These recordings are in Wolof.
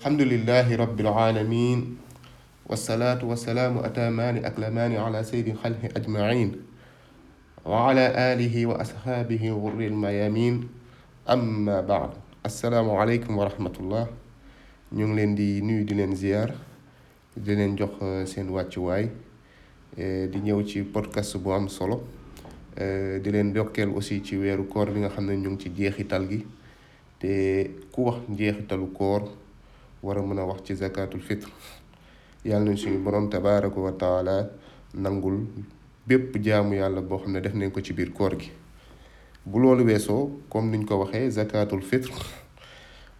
alhamdulilahi rabbil alamin wasalaatu wasalaamu atamaani aklamaani ala saydi xalqi ajmain wa ala alihi wa asxaabihi wurril mayamin amma baad asalaamu aleykum wa rahmatullah ñu ngi leen di nuyu di leen ziar di leen jox eh, seen wàccuwaay eh, di ñëw ci podcast bu am solo eh, di leen dokkeel aussi ci weeru koor bi nga xam ne ñu ngi ci jeexital gi te ku wax jeexitalu koor war a mën a wax ci zakatul fitre yàlla nañ suñu borom tabaraka wa taala nangul bépp jaamu yàlla boo xam ne def nañ ko ci biir koor gi bu loolu weesoo comme niñ ko waxee zakatul fitre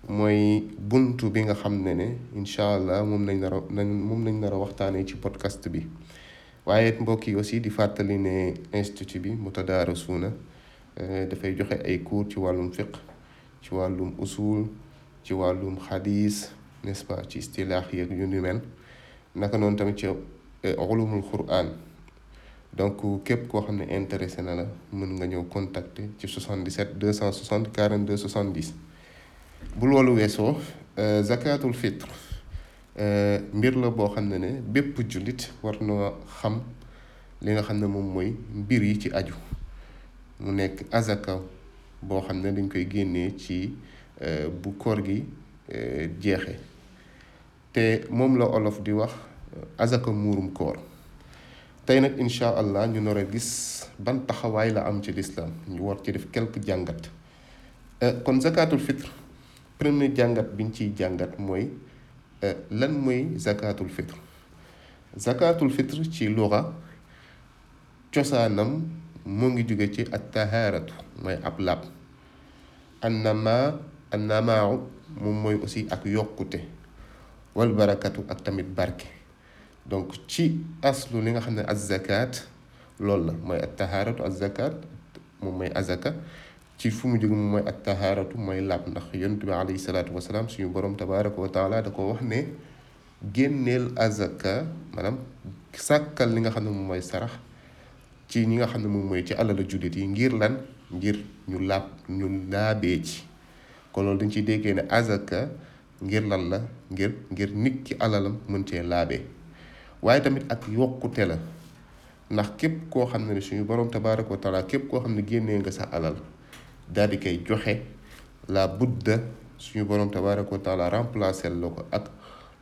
mooy bunt bi nga xam ne ne incha allah moom nañ nar a moom nañ nar waxtaanee ci podcast bi waaye mbokk yi aussi di fàttali ne institut bi Mutadarrisuna eh, dafay joxe ay cours ci wàllum fiq ci wàllum usul ci wàllum xadiis n'est-ce pas ci istilaax yu ni mel naka noonu tamit ci euh, ulumul quran donc képp koo xam ne intéressé na la mën nga ñëw contacter ci 77 260 42 70 bu loolu weesoo euh, zakatul fitre euh, mbir la boo xam ne ne bépp jullit war na xam li nga xam ne moom mooy mbir yi ci aju mu nekk azaka boo xam ne dañ koy génnee ci bu koor gi jeexe te moom la olof di wax azaka muurum koor tey nag incha allah ñu nar gis ban taxawaay la am ci lislaam ñu war ci def quelque jàngat euh, kon zakatul fitre premier jàngat biñ ciy jàngat mooy euh, lan mooy zakatul fitre zakatul fitre ci luga cosaanam mu ngi jóge ci at tahaaratu mooy ab laab annama annamaaw moom mooy aussi ak yokkute wal barakatu ak tamit barke donc ci aslu li nga xam ne azzakat loolu la mooy at tahaaratu azzakat moom mooy azaka ci fu mu jóg moom mooy ak tahaaratu mooy laab ndax yonent bi alayhi salaatu wasalaam suñu borom tabaraka wa taala da ko wax ne génneel azaka maanaam sàkkal li nga xam ne moom mooy sarax ci ñi nga xam ne moom mooy ci alal jullit yi ngir lan ngir ñu laab ñu laabee ci kon loolu dañ ciy déggee ne azaka ngir lan la ngir ngir nit ki alalam mën cee laabee waaye tamit ak yokkute la ndax képp koo xam ne suñu borom tabaaraka wa taala képp koo xam ne génnee nga sa alal daal di koy joxe la budda suñu borom tabaaraka wa taala remplacer la ko ak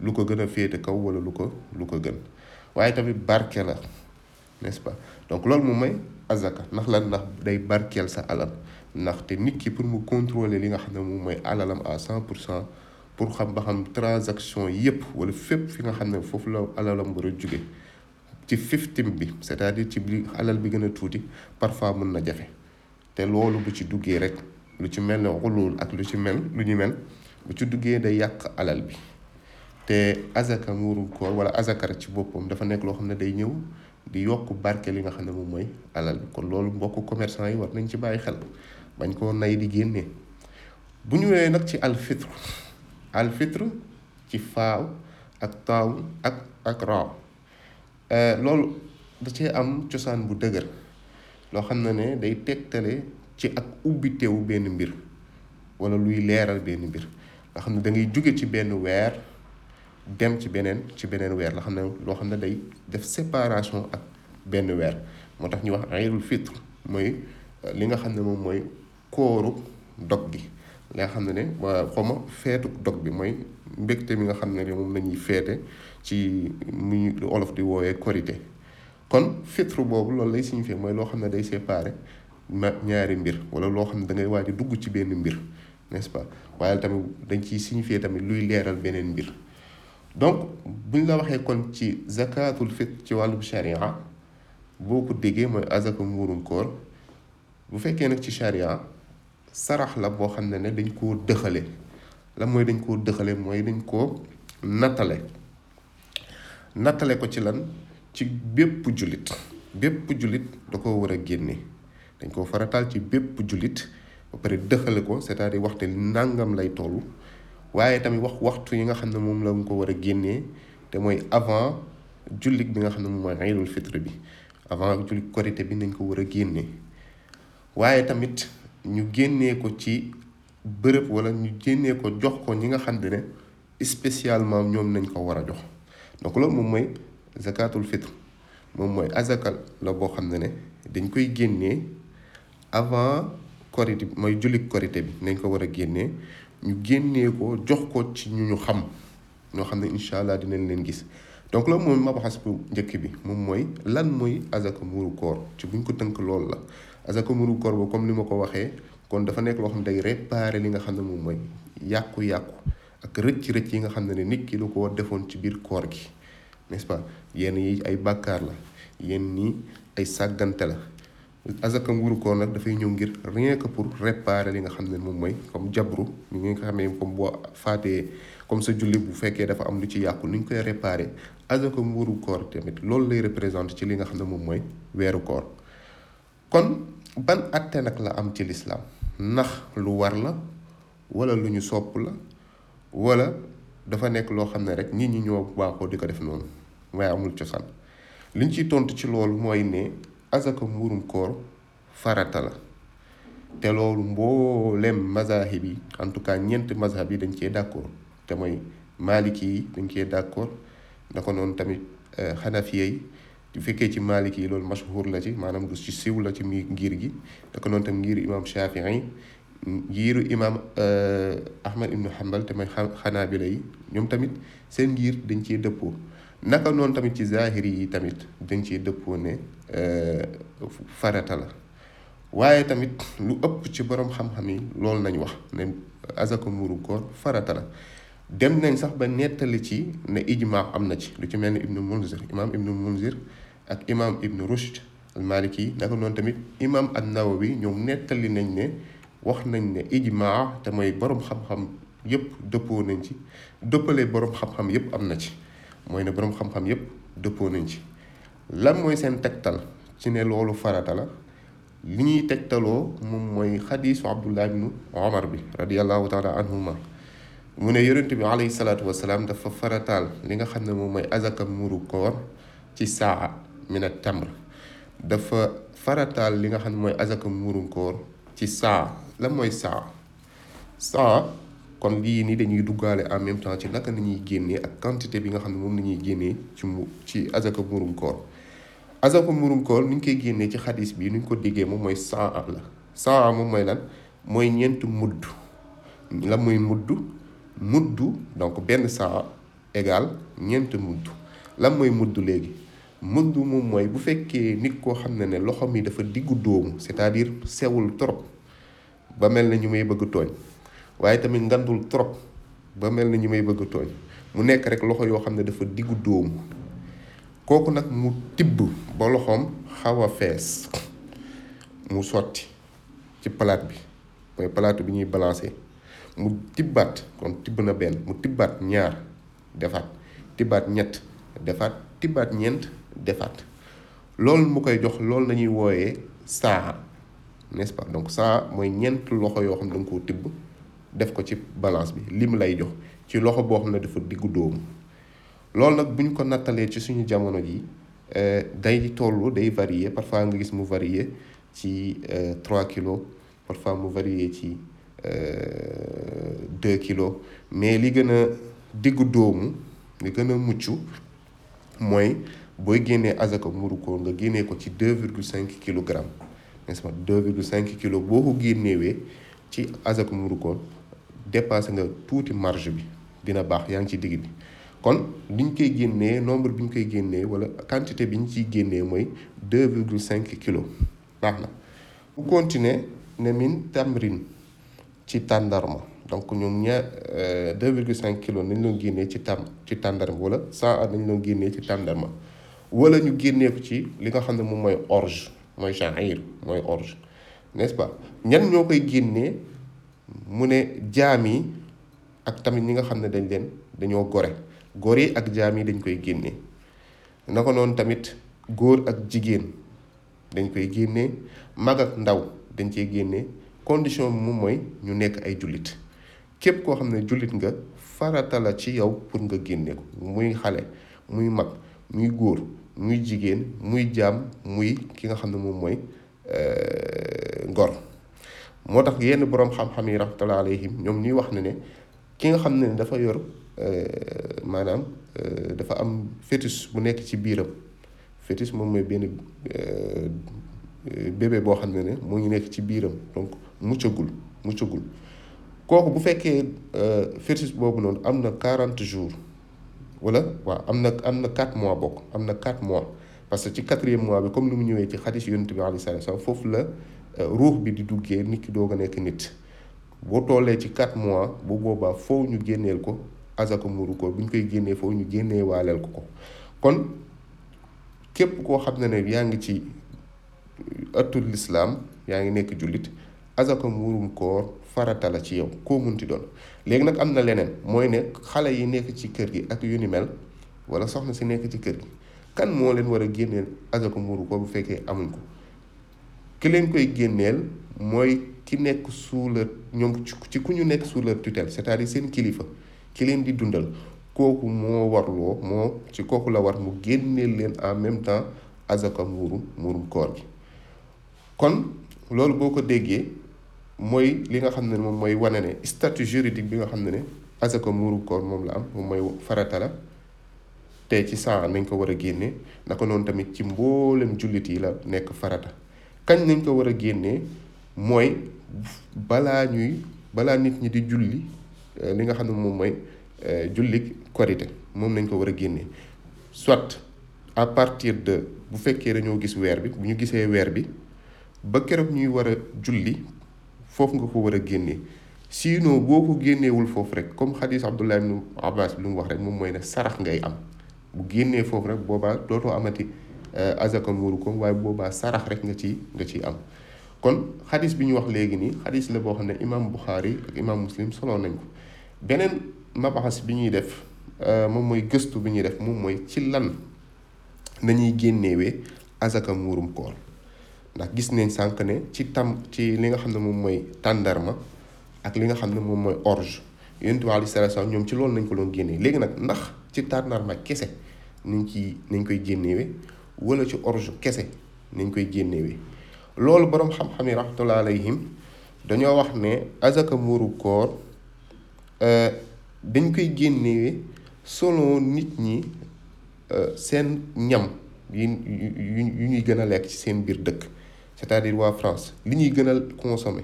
lu ko gën a féete kaw wala lu ko lu ko gën waaye tamit barke la n'est-ce donc loolu mu may azaka ndax la ndax day barkeel sa alal ndaxte nit ki pour mu contrôler li nga xam ne moom mooy alalam à cent pour cent pour xam ba xam transaction yépp wala fépp fi nga xam ne foofu la alalam war a jóge ci fiftim bi c'est-à-dire ci li alal bi gën a tuuti parfois mën na jafe te loolu bu ci duggee rek lu ci mel ne xulul ak lu ci mel lu ñu mel bu ci duggee day yàq alal bi te azaka muurum koor wala azakar ci boppam dafa nekk loo xam ne day ñëw di yokk barke li nga xam ne moom mooy alal kon loolu mbokk commercant yi war nañ ci bàyyi xel bañ koo nay di génne bu ñu ñëwee nag ci alfitre alfitre ci faaw ak taaw ak ak raaw euh, loolu da cee am cosaan bu dëgër loo xam ne ne day tegtale ci ak ubbitewu benn mbir wala luy leeral benn mbir nga xam ne dangay jóge ci benn weer dem ci beneen ci beneen weer la xam ne loo xam ne day def séparation ak benn weer moo tax ñu wax ayrul fitre mooy euh, li nga xam ne moom mooy kóoru dog gi nga xam ne ne xoma feetu dog bi mooy mbégte mi nga xam ne ne moom lañuy ñuy feete ci muy olof di wooyee korité kon fitru boobu loolu lay signifié mooy loo xam ne day séparé ma ñaari mbir wala loo xam ne dangay ngay waaj dugg ci benn mbir nest pas waaye tamit dañ ciy signifié tamit luy leeral beneen mbir donc buñ la waxee kon ci zakatul fit ci wàllu sharia boo ko déggee mooy azaka muurum koor bu fekkee nag ci sharia sarax la boo xam ne ne dañ koo dëxale la mooy dañ koo dëxale mooy dañ koo nattale nattale ko ci lan ci bépp jullit bépp jullit da koo war a génne dañ koo farataal ci bépp jullit ba pare dëxale ko c'est-à-dire waxte nàngam lay toll waaye tamit wax waxtu yi nga xam ne moom la mu ko war a génnee te mooy avant jullit bi nga xam ne moom mooy iidul fitre bi avant jullit korité bi nañ ko war a génnee waaye tamit ñu génnee ko ci bërëb wala ñu génnee ko jox ko ñi nga xam ne spécialement ñoom nañ ko war a jox donc loolu moom mooy zakatul fitre moom mooy azakal la boo xam ne ne dañ koy génnee avant korité mooy jullit korité bi nañ ko war a génnee ñu génnee ko jox ko ci ñu ñu xam noo xam ne incha allah dinañ leen gis donc loolu ma mabaxas bu njëkk bi moom mooy lan mooy azaka muru koor ci buñ ko tënk loolu la azaka muru koor boobu comme ni ma ko waxee kon dafa nekk loo xam ne day réparer li nga xam ne moom mooy yàqu-yàqu ak rëcc-rëcc yi nga xam ne nit ki ko defoon ci biir koor gi nest pas yenn yi ay bàkkaar la yenn ni ay sàggante la azaka nguuru koor nag dafay ñëw ngir rien que pour réparer li nga xam ne moom mooy comme jabru li nga xamee comme boo faatee comme sa julli bu fekkee dafa am lu ci yàqu ni ñu koy réparer asaka mbuuru koor tamit loolu lay représente ci li nga xam ne moom mooy weeru koor kon ban atte nag la am ci lislaam ndax lu war la wala lu ñu sopp la wala dafa nekk loo xam ne rek nit ñi ñoo baaxoo di ko def noonu waaye amul cosaan liñ ciy tontu ci loolu mooy ne asaka mbuurum koor farata la te loolu mboolem mazahib bi en tout cas ñeenti mazahib yi dañ cee d'accord te mooy maliki yi dañ cee d'accord naka noonu tamit xanafiya euh, yi bu fekkee ci maalik yi loolu mashhur la ci maanaam lu ci siw la ci mii ngir gi naka noonu tamit ngiru imaam Shafii ngiru imaam euh, Ahmad ibnu Hanbal te xanaa xanaabila yi ñoom tamit seen ngir dañ ciy dëppoo naka noonu tamit ci zahiri yi tamit dañ ciy dëppoo ne euh, farata la waaye tamit lu ëpp ci borom xam-xam yi loolu nañ wax ne azaka muuru koor farata la dem nañ sax ba nettali ci ne ijmaa am na ci lu ci mel ni ibnu munzir imaam ibnu munzir ak imaam ibnu rushd almaliki naka noonu tamit imaam annawawi ñoom nettali nañ ne wax nañ ne ijmaa te mooy boroom xam-xam yépp dëppoo nañ ci dëppalee borom xam-xam yépp am na ci mooy ne boroom xam-xam yépp dëppoo nañ ci lan mooy seen tegtal ci ne loolu farata la li ñuy tegtaloo moom mooy xadiisu abdullah ibnu omar bi radiallahu taala anhuma mu ne yonent bi alayhi salaatu wasalaam dafa farataal li nga xam ne moom mooy azaka muuru koor ci saa mina tamr dafa farataal li nga xam ne mooy azaka muuru koor ci saa lan mooy saa saa kon lii nii dañuy duggaale en même temps ci naka ni ñuy génnee ak quantité bi nga xam ne moom la ñuy génnee ci mu ci azaka murum koor azaka murum koor ni ñu koy génnee ci xadis bi ni ñu ko diggee moom mooy saa la saa moom mooy lan mooy ñeent mudd lan mooy mudd muddu donc benn saa égal ñeent mudd lan mooy mudd léegi mudd mu mooy bu fekkee nit koo xam ne ne loxo mi dafa diggu dóomu c'est-à-dire sewul trop ba mel na ñu may bëgg tooñ waaye tamit ngandul trop ba mel na ñu may bëgg tooñ mu nekk rek loxo yoo xam ne dafa diggu dóomu kooku nag mu tibb ba loxoom xaw a fees mu sotti ci palaat bi mooy palaatu bi ñuy balancer mu tibbaat kon tibb na benn mu tibbaat ñaar defaat tibbaat ñett defaat tibbaat ñeent defaat loolu mu koy jox loolu la ñuy wooyee saa nest pas donc saa mooy ñeent loxo yoo xam ne da nga koo def ko ci balance bi lim lay jox ci loxo boo ne dafa diggu dóomu loolu nag bu ñu ko nattalee ci suñu jamono ji euh, day tollu day varier parfois nga gis mu varier ci 3 euh, kilos parfois mu varier ci. Euh, deux kilos mais li gën a diggu doomu li gën a mucc mooy booy génnee azaka muru nga génnee ko ci deux virgule cinq kilogramme n'est-ce pas deux kilos boo ko génnewee ci azaka muru koor dépassé nga tuuti marge bi dina baax yaa ngi ci digg bi kon li ñu koy génnee nombre bi ñu koy génnee wala quantité bi ñu ciy génnee mooy deux virgule cinq kilos baax na bu continuer ne tamrin ci tàndarma donc ñoom ña euh, cinq kilos nañ loo génnee ci tam ci tàndarma wala 100 nañ loo génnee ci tàndarma wala ñu génnee ci li nga xam ne moom mooy orge mooy sha'ir mooy orge n'est-ce pas ñan ñoo koy génnee mu ne jaam yi ak tamit ñi nga xam ne dañ leen dañoo gore gore yi ak jaam yi dañ koy génnee na ko noonu tamit góor ak jigéen dañ koy génnee mag ak ndaw dañ cee génnee condition bi moom mooy ñu nekk ay jullit képp koo xam ne jullit nga farata ci yow pour nga génne ko muy xale muy mag muy góor muy jigéen muy jaam muy ki nga xam ne moom mooy euh, ngor moo tax yenn boroom xam-xam yi rahmatullah alayhim ñoom ñuy wax na ne ki nga xam ne ne dafa yor euh, maanaam euh, dafa am fétus bu nekk ci biiram fétus moom mooy benn bébé boo xam ne ne moo ngi nekk ci biiram muccagul muccagul kooku bu fekkee euh, fœtus boobu noonu am na quarante jours wala waa am na am na quatre mois bokk am na quatre mois parce que ci quatrième mois bi comme ni mu ñëwee ci xadis yonent bi alayhi salaatu salaam foofu la euh, ruux bi di duggee nit ki doog a nekk nit boo tollee ci quatre mois bu boobaa foo ñu génneel ko azaka muuru ko bu ñu koy génnee foo ñu génnee waaleel ko ko kon képp koo xam ne ne yaa ngi ci euh, ëttul lislaam yaa ngi nekk jullit azaka muurum koor farata la ci yow koo munti doon léegi nag am na leneen mooy nekk xale yi nekk ci kër gi ak yu ni mel wala soxna si nekk ci kër gi kan moo leen war a génneel azaka muurum koor bu fekkee amuñ ko ki leen koy génneel mooy ki nekk sous leur ñoom ci ku ñu nekk sous tutel tutelle cest seen kilifa ki leen di dundal kooku moo warloo moo ci kooku la war mu génneel leen en même temps azaka muurum muurum koor gi kon loolu boo ko déggee mooy li nga xam ne moom mooy wane ne statut juridique bi nga xam ne ne asaka muuru koor moom la am moom mooy farata la te ci saa nañ ko war a génnee naka noonu tamit ci mboolem jullit yi la nekk farata kañ nañ ko war a génnee mooy balaa ñuy balaa nit ñi di julli euh, li nga xam ne moom mooy euh, julli korite moom nañ ko war a génne soit à partir de bu fekkee dañoo gis weer bi bu ñu gisee weer bi ba keroog ñuy war a julli foofu nga ko war a génne sinon boo ko génneewul foofu rek comme xadis Abdullah ibn Abbas lu mu wax rek moom mooy na sarax ngay am bu génnee foofu rek boobaa dootoo amati euh, azaka muuru ko waaye boobaa sarax rek nga ci nga ciy am kon xadis bi ñu wax léegi nii xadis la boo xam ne imam Bukhari ak imam Muslim solo nañ ko beneen mabaxas bi ñuy def euh, moom mooy gëstu bi ñuy def moom mooy ci lan nañuy génnewee azaka muurum koor ndax gis nañ sànq ne ci tam ci li nga xam ne moom mooy tàndarma ak li nga xam ne moom mooy orge yonent bi alayhi salaatu ñoom ci loolu nañ ko doon génnee léegi nag ndax ci tàndarma kese nañ ci nañ koy génnewee wala ci orge kese nañ koy génnewee loolu boroom xam-xam yi rahmatullahi dañoo wax ne azaka muuru koor euh, dañ koy génnewee selon nit ñi euh, seen ñam yu yu ñuy gën a lekk ci seen biir dëkk cest à waa France li ñuy gën a consommer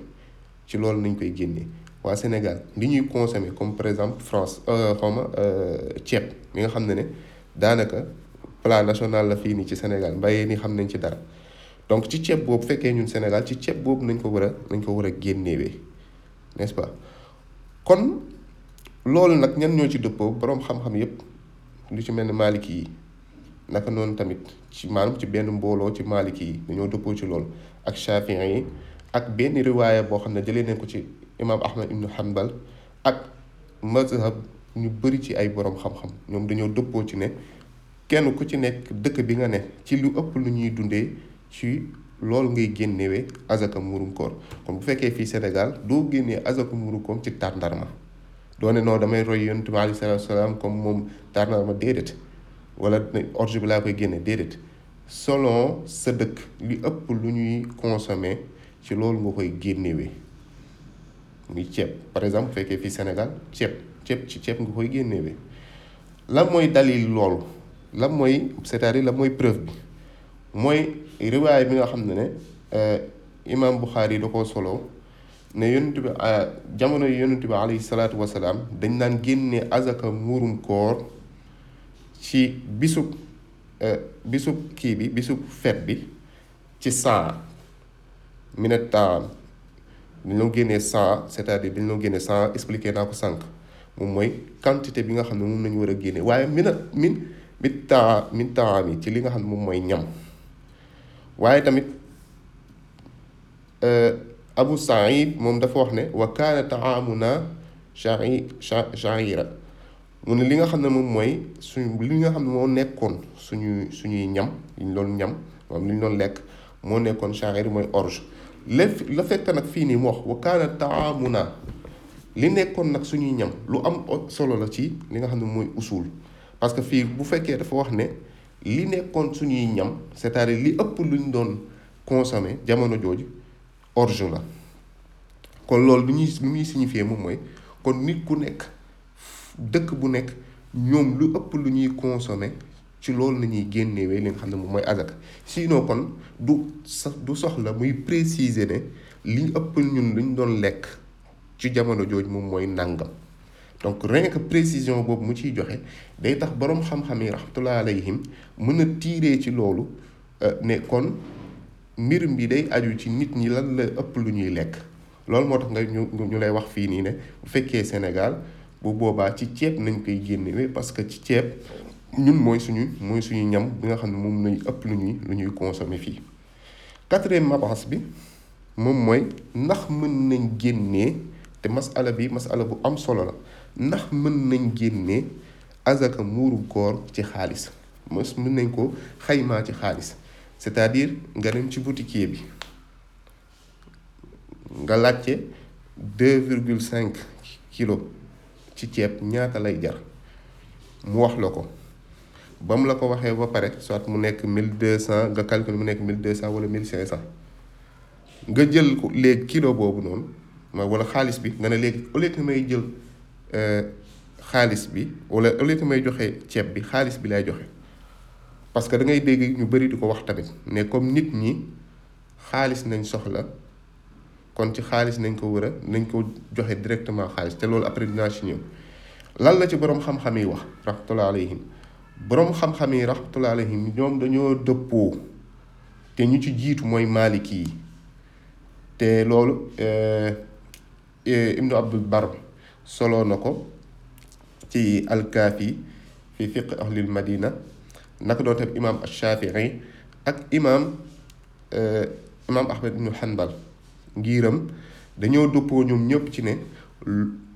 ci loolu nañ koy génnee waa Sénégal li ñuy consommer comme par exemple France euh, xaw ma euh, ceeb mi nga xam ne ne daanaka plat national la fii nii ci Sénégal mbayee ni xam nañ ci dara donc ci ceeb boobu fekkee ñun Sénégal ci ceeb boobu nañ ko war a nañ ko war a génnewee nest pa kon loolu nag ñan ñoo ci dëppoo boroom xam-xam yépp lu ci mel ni maalik yi naka noonu tamit ci maanaam ci benn mbooloo ci maliki yi dañoo dëppoo ci lool ak chafiin yi ak benn riwaaya boo xam ne jëlee nañ ko ci imaam ahmad ibnu xambal ak mazhab ñu bëri ci ay boroom xam-xam ñoom dañoo dëppoo ci ne kenn ku ci nekk dëkk bi nga ne ci lu ëpp lu ñuy dundee ci loolu ngay génnewee azaka murum koor kon bu fekkee fii Sénégal doo génnee azaka murum koor ci tàndarma doone noo damay roy yonent bi aleyhi wa salaam comme moom tàndarma déedéet wala orge bi laa koy génne déedéet solo sa dëkk li ëpp lu ñuy consommer ci loolu nga koy génnewee muy ceeb par exemple bu fekkee fii Sénégal ceeb ceeb ci ceeb nga koy génnewee lan mooy dalil lool lan mooy cest à la mooy preuve bi mooy riwaay bi nga xam ne ne euh, imaam yi da koo solo ne yonent euh, jamono yonent bi alayhi salaatu wasalaam dañ naan génne azaka muurum koor ci bisub euh, bisub kii bi bisub fet bi ci cent mi ne taan dañ loo génnee cent c'est-à-dire dañ loo génnee cent expliqué naa ko sànq moom mooy quantité bi nga xam ne moom nañu war a génne waaye mi na min mit taa taam yi ci li nga xam ne moom mooy ñam waaye tamit euh, Abu Saïd moom dafa wax ne wa kaana taamuna shaira mu ne li nga xam ne moom mooy suñ li nga xam ne moo nekkoon suñuy suñuy ñam li ñu doon ñam moom li ñu doon lekk moo nekkoon sha'ir mooy orge lépp la fekk nag fii nii mu wax wa kaana taamuna li nekkoon nag suñuy ñam lu am solo la ci li nga xam ne mooy usul parce que fii bu fekkee dafa wax ne li nekkoon suñuy ñam c'est-à-dire ëpp lu ñu doon consommer jamono jooju orge la kon loolu lu ñuy lu ñuy signifier moom mooy kon nit ku nekk dëkk bu nekk ñoom lu ëpp lu ñuy consommer ci loolu la ñuy génnewee li nga xam ne moom mooy azaka sinon kon du sax du soxla muy préciser ne li ëpp ñun luñ doon lekk ci jamono jooju moom mooy ndàngam donc rien que précision boobu mu ciy joxe day tax boroom xam-xam yi rahmatullah alayhim mën a tiiree ci loolu euh, ne kon mbir mi day aju ci nit ñi lan la ëpp lu ñuy lekk loolu moo tax nga ñu ñu lay wax fii nii ne bu fekkee Sénégal bu boobaa ci ceeb nañ koy génnewee parce que ci ceeb ñun mooy suñu mooy suñu ñam bi nga xam ne moom lañuy ëpp lu ñuy lu ñuy consommer fii quatrième mabas bi moom mooy ndax mën nañ génnee te masala bi masala bu am solo la ndax mën nañ génnee azaka muuru koor ci xaalis mos mën nañ ko xaymaa ci xaalis c'est-à-dire nga dem ci boutiquier bi nga laajte deux virgule cinq kilo ci ceeb ñaata lay jar mu wax la ko ba mu la ko waxee ba pare soit mu nekk mille deux cent nga calcule mu nekk mille deux cent wala mille cinq cent nga jël ko léegi kilo boobu noonu ma wala xaalis bi nga ne léegi au lieu may jël euh, xaalis bi wala au may joxe ceeb bi xaalis bi lay joxe parce que da ngay dégg ñu bëri di ko wax tamit ne comme nit ñi xaalis nañ soxla. kon ci xaalis nañ ko wër a nañ ko joxe directement xaalis te loolu après dinaa ci ñëw lan la ci boroom xam-xam yi wax rahmatullah boroom borom xam-xam yi rahmatullah alayhim ñoom dañoo dëppoo te ñu ci jiitu mooy maaliki yi te loolu eh, eh, ibnu abdul bar soloo na ko ci alkaafi fi fiq ahlil madina naka doon tam imaam ashafii ak imaam eh, imaam ahmed ibnu hanbal ngiiram dañoo dëppoo ñoom ñëpp ci ne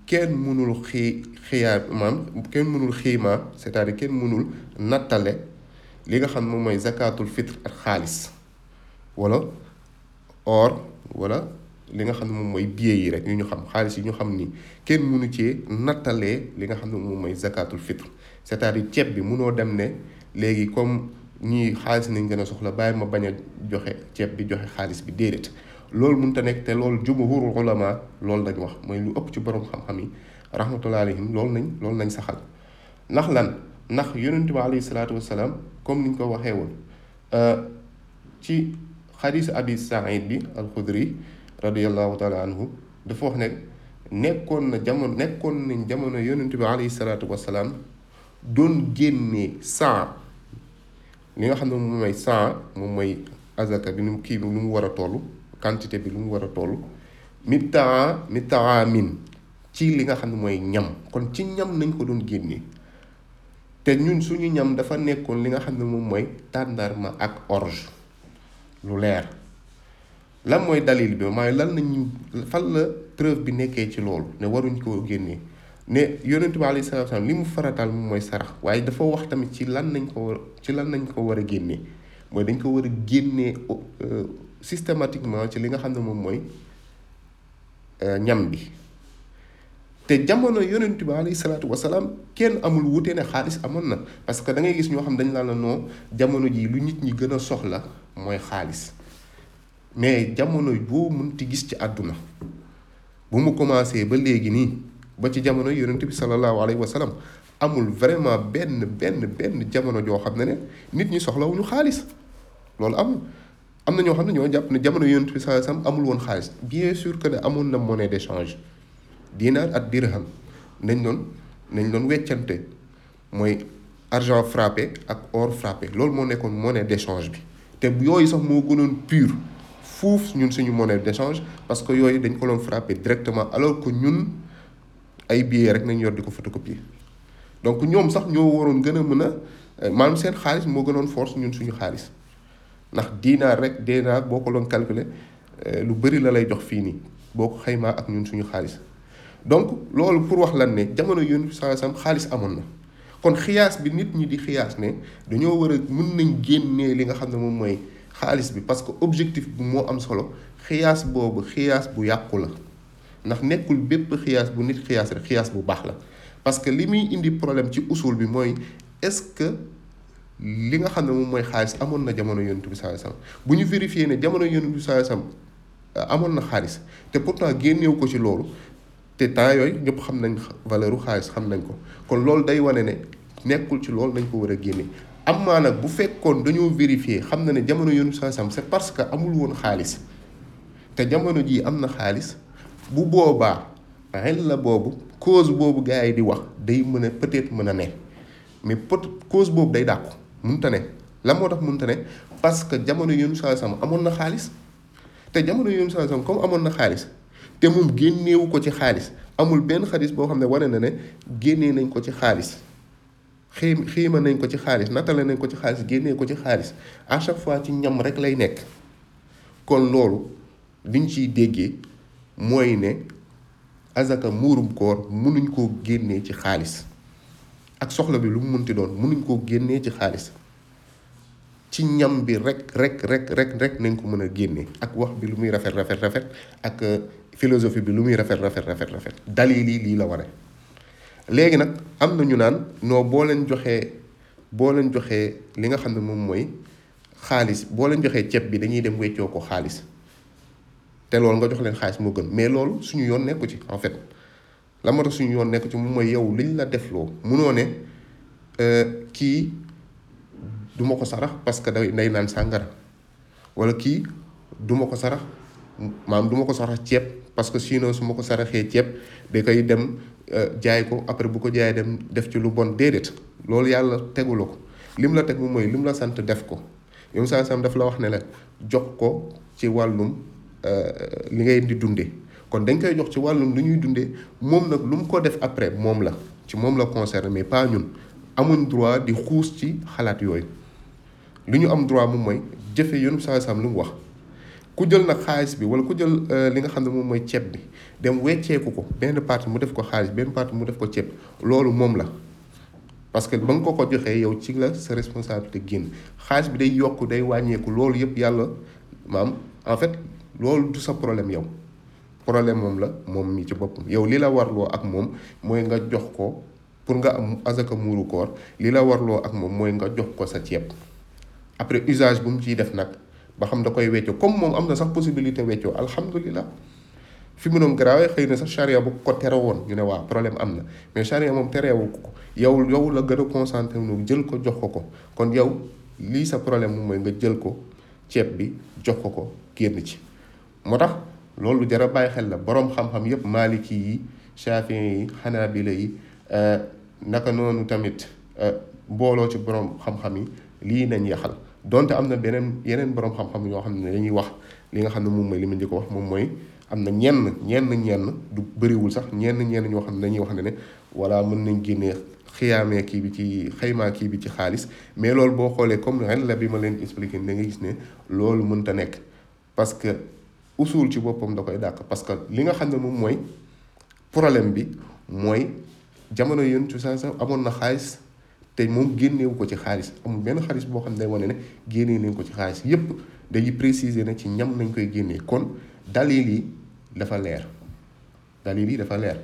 kenn mënul xii xiyaa maam kenn mënul xiima cest à kenn mënul nattale li nga xam moom mooy zakatul fitre ak xaalis wala or wala li nga xam ne moom mooy billet yi rek ñu ñu xam xaalis yi ñu xam ni kenn mënu ci nattalee li nga xam ne moom mooy zakatul fitre cest à ceeb bi mënoo dem ne léegi comme ñii xaalis nañ gën a soxla bàyyi ma bañ a joxe ceeb bi joxe xaalis bi déedéet loolu mun a nekk te loolu jumhurul ulama loolu lañ wax mooy lu ëpp ci borom xam-xam yi rahmatullahi alayhim loolu nañ loolu nañ saxal ndax lan ndax yonent bi alayhi salaatu wasalaam comme ni ñu ko waxee woon euh, ci xadiis abi saïd bi alxudri radiallahu taala anhu dafa wax ne nekkoon na jamono nekkoon nañ jamono yonent bi alayhi salaatu wasalaam doon génnee saa li nga xam ne moom mooy saa moom mooy azaka bi nu kii bi nu mu war a toll quantité bi lu mu war a toll mi taa mi taa min ci li nga xam ne mooy ñam kon ci ñam nañ ko doon génne te ñun suñu ñam dafa nekkoon li nga xam ne moom mooy tàndarma ak orge lu leer lan mooy dalil bi maay lan nañu fan la preuve bi nekkee ci loolu ne waruñ koo génne ne yonent bi alayhi salaatu salaam li mu faratal moom mooy sarax waaye dafa wax tamit ci lan nañ ko war ci lan nañ ko war a génnee mooy dañ ko war a génnee euh, systématiquement ci li nga xam ne moom mooy euh, ñam bi te jamono yonent bi alayhi salaatu wasalaam kenn amul wute ne xaalis amoon na parce que da ngay gis ñoo xam dañ laa la noo jamono ji lu nit ñi gën a soxla mooy xaalis mais jamono boo mënti gis ci àdduna bu mu commencé ba léegi nii ba ci jamono yonent bi sallallahu alayhi wa sallam amul vraiment benn benn benn jamono joo xam ne ne nit ñi soxlawuñu xaalis loolu amul am na ñoo xam ne ñoo jàpp ne jamono yonent bi sallallahu alayhi amul woon xaalis bien sûr que ne amoon na monnaie d'échange dinaar ak dirham nañ doon nañ doon weccante mooy argent frappé ak or frappé loolu moo nekkoon monnaie d'échange bi te yooyu sax moo gënoon pur fuuf ñun suñu monnaie d'échange parce que yooyu dañ ko doon frappé directement alors que ñun ay billets rek nañ yor di ko photocopier donc ñoom sax ñoo waroon gën a mën a maanaam seen xaalis moo gënoon force ñun suñu xaalis ndax diinaar rek diinaar boo ko doon calculer eh, lu bëri la lay jox fii nii boo ko xaymaa ak ñun suñu xaalis donc loolu pour wax lan ne jamono yonent bi xaalis amoon na kon xiyaas bi nit ñi di xiyaas ne dañoo war a mën nañ génnee li nga xam ne moom mooy xaalis bi parce que objectif bi moo am solo xiyaas boobu xiyaas bu yàqu la ndax nekkul bépp xiyaas bu nit xiyaas rek xiyaas bu baax la parce que li muy indi problème ci usul bi mooy est-ce que li nga xam ne moom mooy xaalis amoon na jamono yonent bi sallallahu alayhi wasallam bu ñu vérifié ne jamono yonent bi sallallahu alayhi wasallam amoon na xaalis te pourtant génneew ko ci loolu te temps yooyu ñëpp xam nañ valeur u xaalis xam nañ ko kon loolu day wane ne nekkul ci loolu nañ ko war a génne am maa nag bu fekkoon dañoo vérifié xam na ne jamono yonent bi sallallahu alayhi wasallam c'est parce que amul woon xaalis te jamono jii am na xaalis bu boobaa xel la boobu cause boobu gars yi di wax day mën a peut-être mën a ne mais peut cause boobu day dàqu mënta ne la moo tax mënta ne parce que jamono yoonu saa sam amoon na xaalis te jamono yoonu saa comme amoon na xaalis te moom génneewu ko ci xaalis amul benn xadis boo xam ne wane na ne génnee nañ ko ci xaalis xii xiima nañ ko ci xaalis natale nañ ko ci xaalis génnee ko ci xaalis à chaque fois ci ñam rek lay nekk kon loolu liñ ciy déggee mooy ne azaka muurum koor mënuñ koo génnee ci xaalis ak soxla bi lu mu mun mënti doon mënuñ koo génnee ci xaalis ci ñam bi rek rek rek rek rek nañ ko mën a génnee ak wax bi lu muy rafet rafet rafet ak euh, philosophie bi lu muy rafet rafet rafet rafet dalil yi lii la wane léegi nag am na ñu naan noo boo leen joxee boo leen joxee li nga xam ne moom mooy xaalis boo leen joxee ceeb bi dañuy dem weccoo ko xaalis te loolu nga jox leen xaalis moo gën mais loolu suñu yoon nekku ci en fait la moo suñu yoon nekk ci moom mooy yow liñ la defloo munoo ne euh, kii duma ko sarax parce que day day naan sàngara wala kii duma ko sarax maam duma ko sarax ceeb parce que sinon su ma ko saraxee ceeb da koy dem euh, jaay ko après bu ko jaay dem def ci lu bon déedéet loolu yàlla tegu la ko lim la teg tegu mooy lim la sant def ko yow saa sam daf la wax ne la jox ko ci wàllum euh, li ngay di dunde kon dañ koy jox ci wàllum lu ñuy dundee moom nag lu mu ko def après moom la ci moom la concerne mais pas ñun amuñ droit di xuus ci xalaat yooyu lu ñu am droit moom mooy jëfe yoonu saa sam lu mu wax ku jël nag xaalis bi wala ku jël euh, li nga xam ne moom mooy ceeb bi dem wecceeku ko benn partie mu def ko xaalis benn partie mu def ko ceeb loolu moom la parce que ba nga ko ko joxee yow ci la sa responsabilité génn xaalis bi day yokk day wàññeeku loolu yëpp yàlla maam en fait loolu sa problème yow problème moom la moom mi ci boppam yow li la warloo ak moom mooy nga jox ko pour nga am asaka muuru koor li la warloo ak moom mooy nga jox ko sa ceeb après usage bu mu ciy def nag ba xam da koy weccoo comme moom am na sax possibilité weccoo alhamdulilah fi mu doon garaawee xëy na sax charia bu ko tere woon ñu ne waa problème am na mais charia moom tereewu ko yow yow la gën a concentré wu jël ko jox ko ko kon yow lii sa problème moom mooy nga jël ko ceeb bi jox ko ko génn ci moo tax. loolu lu jar a bàyyi xel la boroom xam-xam yépp maaliki yi chafin yi xanaabila yi euh, naka noonu tamit euh, mbooloo ci boroom xam-xam yi lii nañ yaxal donte am na beneen yeneen boroom xam-xam ñoo xam ne dañuy wax li nga xam ne moom mooy li ma njëkk ko wax moom mooy am na ñenn ñenn ñenn du bëriwul sax ñenn ñenn ñoo xam ne dañuy wax ne ne walla mën nañ génnee xiyaamee kii bi ci xaymaa kii bi ci xaalis mais loolu boo xoolee comme ren la bi ma leen expliqué da nga gis ne loolu mënta nekk parce que usul ci boppam da koy dàq parce que li nga xam ne moom mooy problème bi mooy jamono yéen ci saa amoon na xaalis te moom génnewu ko ci xaalis amul benn xaalis boo xam ne day wane ne génnee nañ ko ci xaalis yépp dañuy préciser ne ci ñam nañ koy génnee kon dalil yi dafa leer dalil yi dafa leer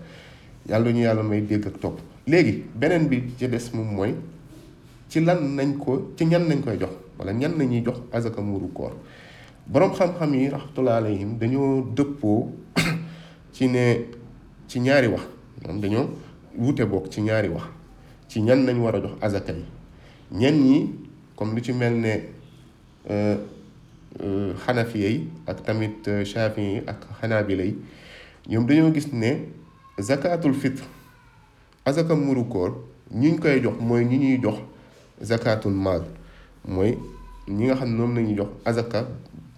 yàlla ñu yàlla may dégg ak topp léegi beneen bi ci des moom mooy ci lan nañ ko ci ñan nañ koy jox wala ñan nañuy jox azaka muru koor boroom xam-xam yi rahmatullah alayhim dañoo dëppoo ci ne ci ñaari wax moom dañoo wuute bokk ci ñaari wax ci ñan nañ war a jox azaka yi ñen ñi comme lu ci mel ne xanafiya euh, euh, yi ak tamit euh, shafii yi ak xanaabila yi ñoom dañoo gis ne zakatul fitre azaka muru koor ñuñ koy jox mooy ñu ñuy jox zakatul maal mooy ñi nga xam ne noonu jox azaka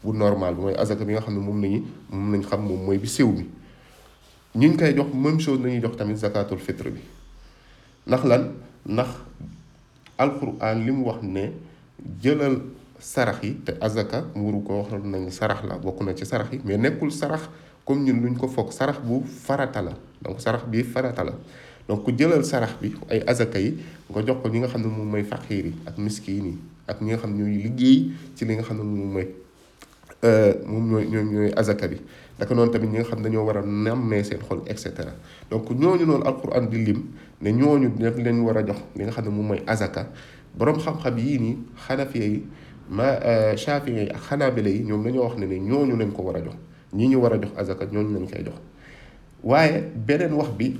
bu normal bi mooy azaka bi nga xam ne moom nañu moom nañ xam moom mooy bi siw bi ñu ñu koy jox même chose lañuy jox tamit zakatul fitre bi ndax lan ndax alquran li mu wax ne jëlal sarax yi te azaka muru ko wax nañu sarax la bokk na ci sarax yi mais nekkul sarax comme ñun luñ ko foog sarax bu farata la donc sarax bi farata la donc jëlal sarax bi ay azaka yi nga jox ko ñi nga xam ne moom mooy faqiir yi ak miskiin yi ak ñi nga xam ne ñooy liggéey ci li nga xam ne moom mooy Euh, moom ñooy ñooy ñooy azaka bi naka noonu tamit ñi nga xam dañoo war a nammee seen xol et cetera donc ñooñu noonu alquran di lim ne ñooñu def leen war a jox li nga xam ne moom mooy azaka borom xam yii nii xanafiya ma chafiya euh, yi ak xanaabila ñoom dañoo wax ne ne ñooñu lañ ko war jox ñi ñu war a jox azaka ñooñu lañ koy jox waaye beneen wax bi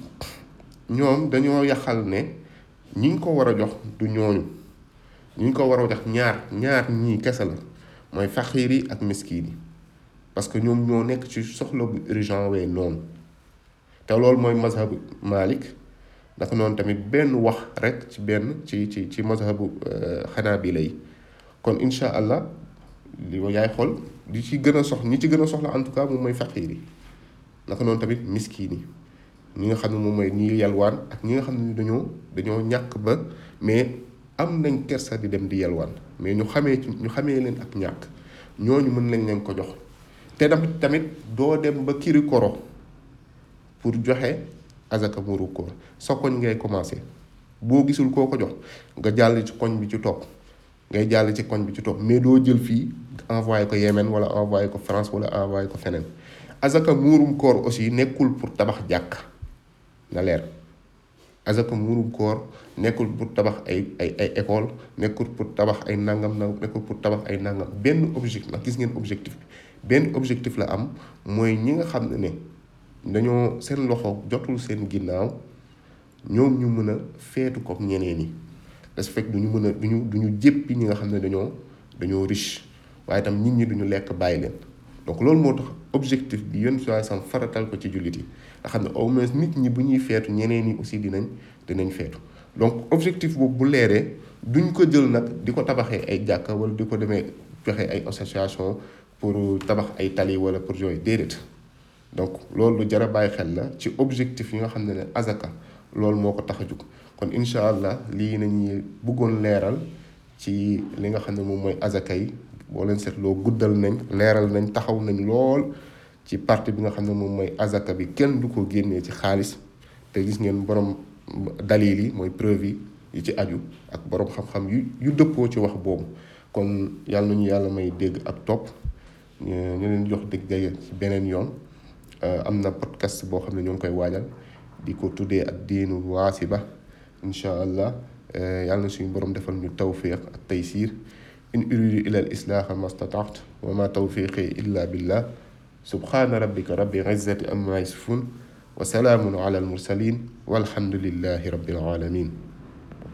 ñoom dañoo yaxal ne ñi ñu ko war a jox du ñooñu ñi ñu ko war a jox ñaar ñaar ñii kese la. mooy faqiir yi ak miskin yi parce que ñoom ñoo nekk ci soxla bu urgent wee noonu te loolu mooy mazhabu Malik ndax noonu tamit benn wax rek ci benn ci ci ci mazhabu euh, xanaabila yi kon incha allah li yaay xool li ci gën a sox ñi ci gën a soxla en tout cas moom mooy faqiir yi naka noonu tamit miskin yi ñi nga xam ne moom mooy ñi yalwaan ak ñi nga xam ne dañoo dañoo ñàkk ba mais am nañ kersa di dem di yelwaan mais ñu xamee ci ñu xamee leen ak ñàkk ñooñu mën nañ leen ko jox te dam tamit doo dem ba kiri koro pour joxe azaka muru koor sa koñ ngay commencé boo gisul koo ko jox nga jàll ci koñ bi ci toog ngay jàll ci koñ bi ci toog mais doo jël fii envoyé ko yemeen wala envoyé ko France wala envoyé ko feneen azaka muurum koor aussi nekkul pour tabax jàkk na leer asaka mburum koor nekkul pour tabax ay ay ay école nekkul pour tabax ay nangam na nekkul pour tabax ay nangam benn objectif ndax gis ngeen objectif bi benn objectif la am mooy ñi nga xam ne ne dañoo seen loxo jotul seen ginnaaw ñoom ñu mën a feetu comme ñeneen yi parce que du ñu mën a du ñu du ñu jéppi ñi nga xam ne dañoo dañoo waaye tam nit ñi duñu lekk bàyyi leen donc loolu moo tax objectif bi yenn saa sam faratal ko ci jullit yi xam ne au moins nit ñi bu ñuy feetu ñeneen ñi aussi nañ dinañ feetu donc objectif boobu bu leeree duñ ko jël nag di ko tabaxee ay jàkka wala di ko demee joxe ay association pour tabax ay tali wala pour yooyu déedéet donc loolu lu jar a bàyyi xel la ci objectif yi nga xam ne ne azaka loolu moo ko tax a jug kon incha allah lii nañuy bëggoon leeral ci li nga xam ne moom mooy azaka yi boo leen seetloo guddal nañ leeral nañ taxaw nañ lool ci parti bi nga xam ne moom mooy azaka bi kenn du ko génnee ci xaalis te gis ngeen borom dalil yi mooy preuve yi ci aju ak borom xam-xam yu yu dëppoo ci wax boobu kon yàlla ñu yàlla may dégg ak topp ñu leen jox dégg daje ci beneen yoon euh, am na podcast boo xam ne ñoo ngi koy waajal di ko tuddee ak diinu waasi ba incha allah euh, yàlla na suñu borom defal ñu tawfiq ak taysiir in uridu ila al islaaha ma stataat wa ma tawfiqi illa billah subhaana rabbika rabbil izzati amma yasifun wa salaamun ala al mursalin walhamdulillahi rabbil alamin